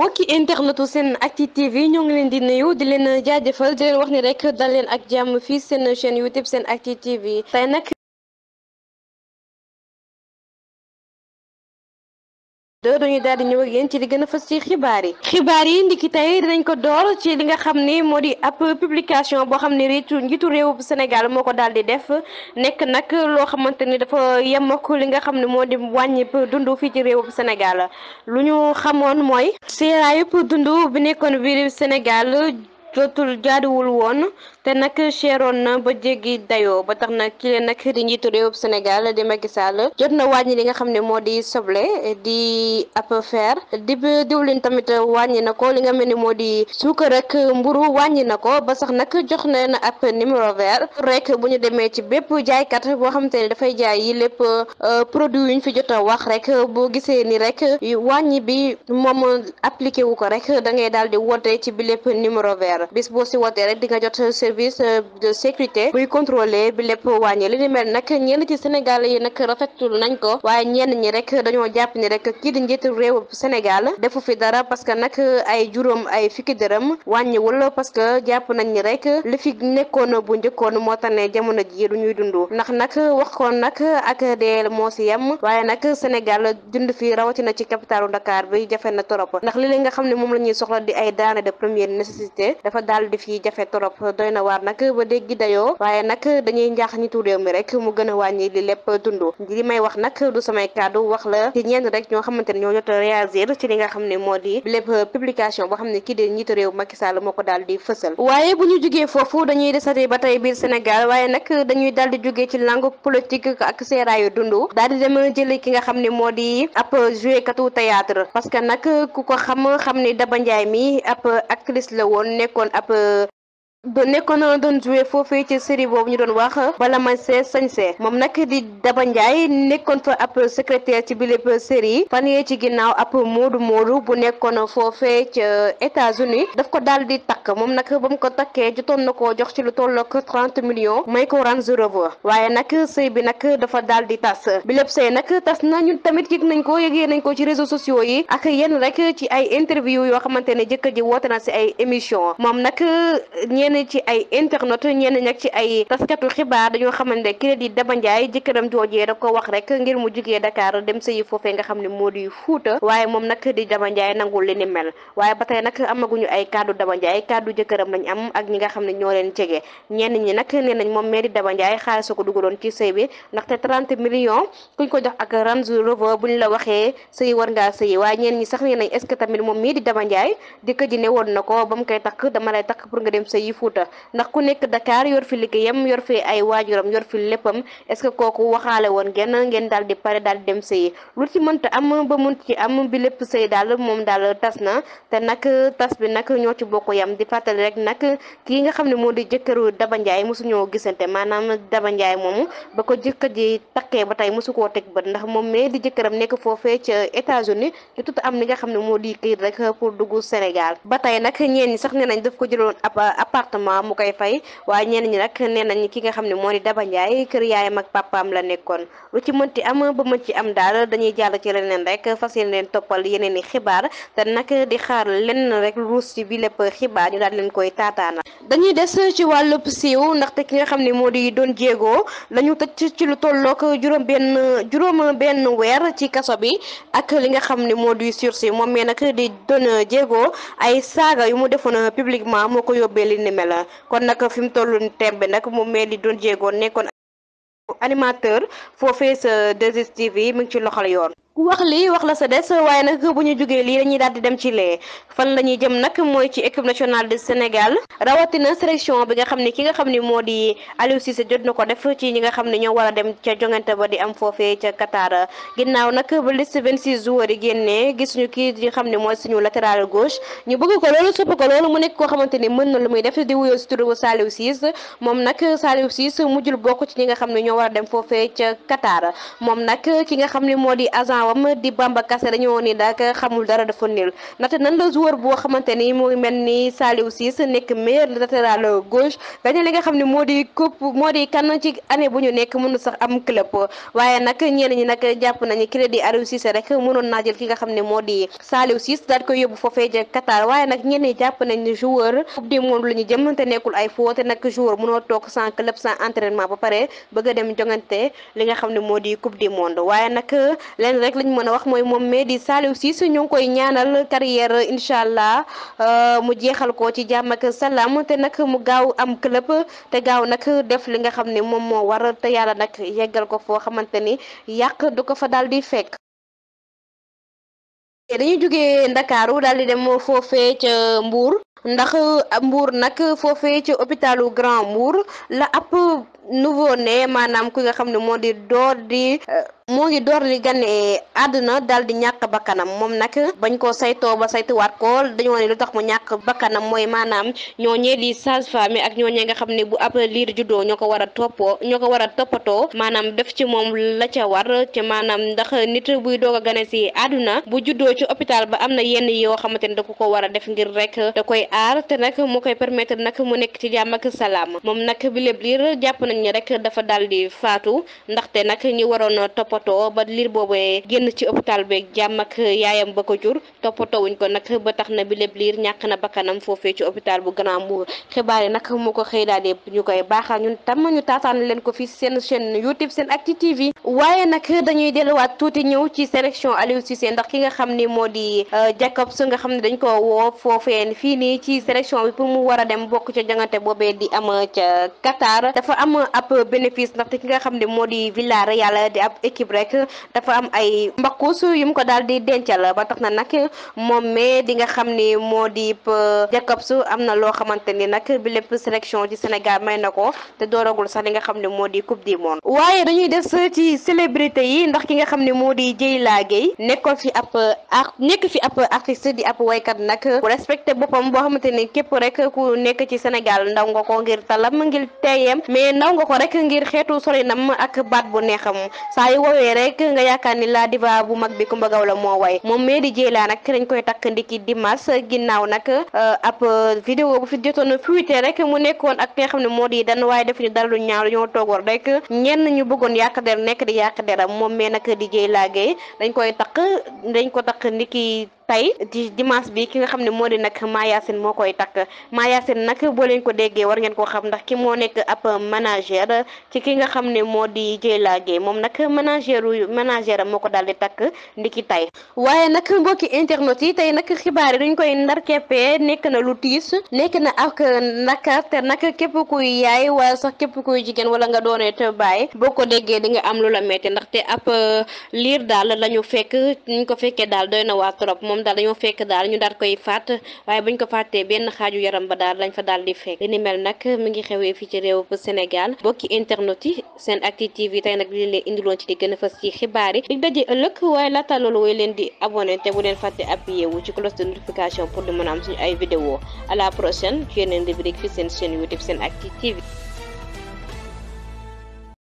mbokki internetu seen acti tv ñoo ngi leen di nuyu di leen jaajëfal di leen wax ni rek dal leen ak jàmm fii seen chaîne youtube seen acti tv tey nag doo dañu daal di ñëw ak yéen ci li gën a fës ci xibaar yi xibaar yi ndiki tey dinañ ko door ci li nga xam ni moo di ab publication boo xam ne riitu njiitu réew bu Sénégal moo ko daal di def nekk nag loo xamante ni dafa yem ak li nga xam ne moo di wàññi dund fii ci réew bu Sénégal lu ñu xamoon mooy seeraayu dund bi nekkoon biir Sénégal jotul jaaduwul woon te nag cheroon na ba jéggi dayoo ba tax na ki leen nag di njiitu réewub Sénégal di Macky Sall jot na wàññi li nga xam ne moo di soble di ab fer di diwlin tamit wàññi na ko li nga mel ni moo di suukar rek mburu wàññi na ko ba sax nag jox na leen ab numéro vert rek bu ñu demee ci bépp jaaykat boo xamante ne dafay jaay yi lépp euh, produit yu ñu fi jot a wax rek boo gisee nii rek wàññi bi moom appliqué wu ko rek da ngay daal di woote ci bi lépp numéro vert bis boo si service euh, de sécurité buy contrôler bi lépp wàññi li ni mel nag ñenn ci Sénégal yi nag rafetul nañ ko waaye ñenn ñi rek dañoo jàpp ni rek kii di njiitu réew Sénégal defu fi dara parce que nag ay juróom ay fukki dërëm wàññiwul parce que jàpp nañ ñi rek li fi nekkoon bu njëkkoon moo tax ne jamono ji du ñuy dund ndax nag wax ko nag ak dee moo si yem waaye nag Sénégal dund fi rawatina ci capitalu Dakar bi jafe na torop ndax li nga xam ne moom la ñuy soxla di ay denrées na waar nag ba déggi dayoo waaye nag dañuy njaax ñi réew mi rek mu gën a wàññi li lépp dund li may wax nag du samay kàddu wax la ci ñenn rek ñoo xamante ne ñoo a réagir ne moo di lépp publication boo xam ne kii de njiitu réew Macky Sall moo ko daal di fësal waaye bu ñu jugee foofu dañuy desate ba tey biir Sénégal waaye nag dañuy daal di ci langue politique ak seeraayu dund daal dem jëli ki nga xam ne moo di ab joué katu théâtre parce que nag ku ko xam xam ne Daba Ndiaye mi ab actrice la woon nekkoon ab nekkoon doon joué foofee ci série boobu ñu doon wax bala ma see sañse moom nag di Daba Ndiaye nekkoon fa ab secretaire ci bilépp série fan yee ci ginnaaw ab moodu moodu bu nekkoon foofee ca États-Unis daf ko daal di takk moom nag ba mu ko takkee jotoon na koo jox ci lu tollook trente millions may ko Range Rover waaye nag sëy bi nag dafa daal di tas bilépp sëy nag tas na ñu tamit yëg nañ ko yëgee nañ ko ci réseau sociaux yi ak yenn rek ci ay interview yoo xamante ne jëkkër ji woote na si ay émission moom nag ñenn ci ay internet ñenn ñag ci ay taskatu xibaar dañoo xamante ne kii di Daba Ndiaye jëkkëram joojee da ko wax rek ngir mu jugee Dakar dem sëyi foofee nga xam ne moo di Fuuta waaye moom nag di Daba Ndiaye nangul li ni mel waaye ba tey nag amaguñu ay kaddu Daba Ndiaye kaddu jëkkëram lañ am ak ñi nga xam ne ñoo leen jege ñenn ñi nag nee nañ moom mairie Daba Ndiaye xaalis ko dugaloon ci sëy bi ndaxte 30 millions kuñ ko jox ak Range Rover buñ la waxee sëy war ngaa sëyi waaye ñenn ñi sax moom mii di Daba Ndiaye jëkkër ji ne woon na Fouta ndax ku nekk Dakar yor fi liggéeyam yor fi ay waajuram yor fi léppam est-ce que kooku waxaale woon ngeen ngeen daal di pare daal di dem sëyi lu ci mënta am ba mënt ci am bi lépp sëy daal moom daal tas na te nag tas bi nag ñoo ci bokk yam di fàttali rek nag kii nga xam ne moo di jëkkëru Daba Ndiaye mosuñoo gisante maanaam Daba Ndiaye moomu ba ko jëkkër ji takkee ba tey mosu koo teg bët ndax moom mais di jëkkëram nekk foofee ca États-Unis di tut am li nga xam ne moo di këyit rek pour dugg Sénégal appartement mu koy fay waaye ñenn ñi nag nee nañ ki nga xam ne moo di Daba Ndiaye kër yaayam ak papaam la nekkoon lu ci mënti am ba mën ci am daal dañuy jàll ci leneen rek fas yéene leen toppal yeneen i xibaar te nag di xaar lenn rek lu ci bi lépp xibaar ñu daal leen koy taataana dañuy des ci wàllub siiw ndaxte ki nga xam ne moo di Don Diego lañu tëj ci lu tollook juróom benn juróom benn weer ci kaso bi ak li nga xam ne moo di sursis moom mee nag di Don jégo ay saaga yu mu defoon publiquement moo ko yóbbee li ne tembe la kon nag fi mu toll tembe nag mu mel ni doon jéegoon nekkoon animateur foofee sa 2STV mi ngi ci loxol yoon. wax lii wax la sa des waaye nag bu ñu jógee lii dañuy daal di dem ci lee fan la ñuy jëm nag mooy ci équipe nationale de Sénégal rawatina sélection bi nga xam ne ki nga xam ne moo di Aliou Cissé jot na ko def ci ñi nga xam ne ñoo war a dem ca jongante ba di am foofee ca Qatar ginnaaw nag ba liste 26 joueurs yi génnee gisuñu kii di nga xam ne mooy suñu latéral gauche ñu bëgg ko loolu sopp ko loolu mu nekk koo xamante ni mën na lu muy def di wuyoo si turu Saliou Cissé moom nag Saliou Cissé mujjul bokk ci ñi nga xam ne ñoo war dem foofee ca Qatar moom nag ki nga xam ne gannaawam di Bamba Kassé dañu woon ni daak xamul dara dafa néel ndaxte nan la joueur boo xamante ni mooy mel ni Saliou Ciss nekk meilleur latéral gauche gagné li nga xam ne moo di coupe moo di kan ci année bu ñu nekk mënul sax am club waaye nag ñenn ñi nag jàpp nañu crédit Aliou rek mënoon naa jël ki nga xam ne moo di Saliou Ciss daal koy yóbbu foofee ja Qatar waaye nag ñenn ñi jàpp nañu joueur coupe du monde la ñu jëm te nekkul ay foo te nag joueur mënoo toog sans club san entraînement ba pare bëgga dem jongante li nga xam ne moo di coupe du monde waaye nag leen rek lañ mën a wax mooy moom mais di Saliou su ñu ngi koy ñaanal carrière incha allah euh, mu jeexal ko ci jàmmaka ak salaam te nag mu gaaw am club te gaaw nag def li nga xam ne moom moo war te yàlla nag yeggal ko foo xamante ni yàq du ko fa daal di fekk. dañuy jóge Ndakaaru daal di dem foofee ca Mbour. ndax ah, Mbour nag foofee ci hôpitalu Grand Mbour la ab nouveau ne maanaam ku nga xam ne moo di door di ah, moo ngi door li gane àdduna daal di ñàkk bakkanam moom nag bañ koo saytoo ba saytuwaat ko dañoo ne lu tax mu ñàkk bakkanam mooy maanaam ñoo ñooñee di sage-femme ak ñooñee nga xam ni bu ab liir juddoo ñoo ko war a toppoo ñoo ko war a toppatoo maanaam def ci moom la ca war ci maanaam ndax nit buy doog gane si àdduna bu juddoo ci hôpital ba am na yenn yoo xamante ne da ko ko war a def ngir rek aar te nag moo koy permettre nag mu nekk ci jàmm ak salaam moom nag bi lépp liir jàpp nañ ne rek dafa daal di faatu ndaxte nag ñi waroon toppatoo ba liir boobee génn ci hôpital beeg jàmm ak yaayam ba ko jur toppatoo wuñ ko nag ba tax na bi lépp liir ñàkk na bakkanam foofee ci hôpital bu Grand Mbour xibaar yi nag moo ko xëy daal di ñu koy baaxaat ñun tam ñu taataan leen ko fii seen chaîne YouTube SENactu TV waaye nag dañuy delluwaat tuuti ñëw ci sélection Aliou ndax ki nga xam ni moo di euh, Jacobs nga xam ne dañ ko woo foofee fii nii ci sélection bi pour mu war a dem bokk ca jangante boobee di am ca Qatar dafa am ab bénéfice ndaxte ki nga xam ne moo di Villarreal di ab équipe rek dafa am ay mbakkuus yu mu ko daal di dencal ba tax na nag moom mais di nga xam ni moo di su am na loo xamante ni nag bi lépp sélection ci Sénégal may na ko te dooragul sax li nga xam ne moo di coupe du monde waaye dañuy des ci célébrité yi ndax ki nga xam ne moo di Dieyla Gueye nekkoon fi ab nekk fi ab artiste di ab waykat nag bu respecté boppam boo xamante ne képp rek ku nekk ci Sénégal ndaw nga ko ngir talam ngir teeyam mais ndaw nga ko rek ngir xeetu solinam ak baat bu neexam saa yu woowee rek nga yaakaar ni la diva bu mag bi Coumba Gawlo moo way moom mais di Dieyla nag dañ koy takk ndiki dimanche ginnaaw nag euh, ab euh, vidéo bu fi jotoon fuite rek mu nekkoon ak nga xam ne moo di dan waaye def ñu dara lu ñaaw ñoo toogoon rek ñu bëggoon yàq der nekk di yàq deram moom mais nag di Dieyla Gaye dañ koy takk dañ ko takk ndiki tey di dimanche bi ki nga xam ne moo di nag Mayacine moo koy takk Mayacine nag boo leen ko déggee war ngeen koo xam ndax ki moo nekk ab manager ci ki nga xam ne moo di Dieyla Gueye moom nag manager manager moo ko daal di takk ndiki tey waaye nag mbokki internet yi tey nag xibaar yi duñ koy ndar keppee nekk na lu tiis nekk na ak ndakar te nag képp kuy yaay wala sax képp kuy jigéen wala nga doone te bàyyi boo ko déggee di nga am lu la metti ndaxte ab liir daal lañu fekk ko fekkee ñoom daal dañoo fekk daal ñu daal koy faat waaye buñ ko fàttee benn xaaju yaram ba daal dañ fa daal di fekk li ni mel nag mi ngi xewee fii ci réew bu Sénégal bokki internet yi seen TV tey nag li leen indiloon ci di gën a ci xibaar yi dig daje ëllëg waaye laata loolu woy leen di abonné te bu leen fàtte appuyé wu ci cloche de notification pour di mën a am suñu ay vidéo à la prochaine ci yeneen rubrique fi seen chaîne YouTube SENactu TV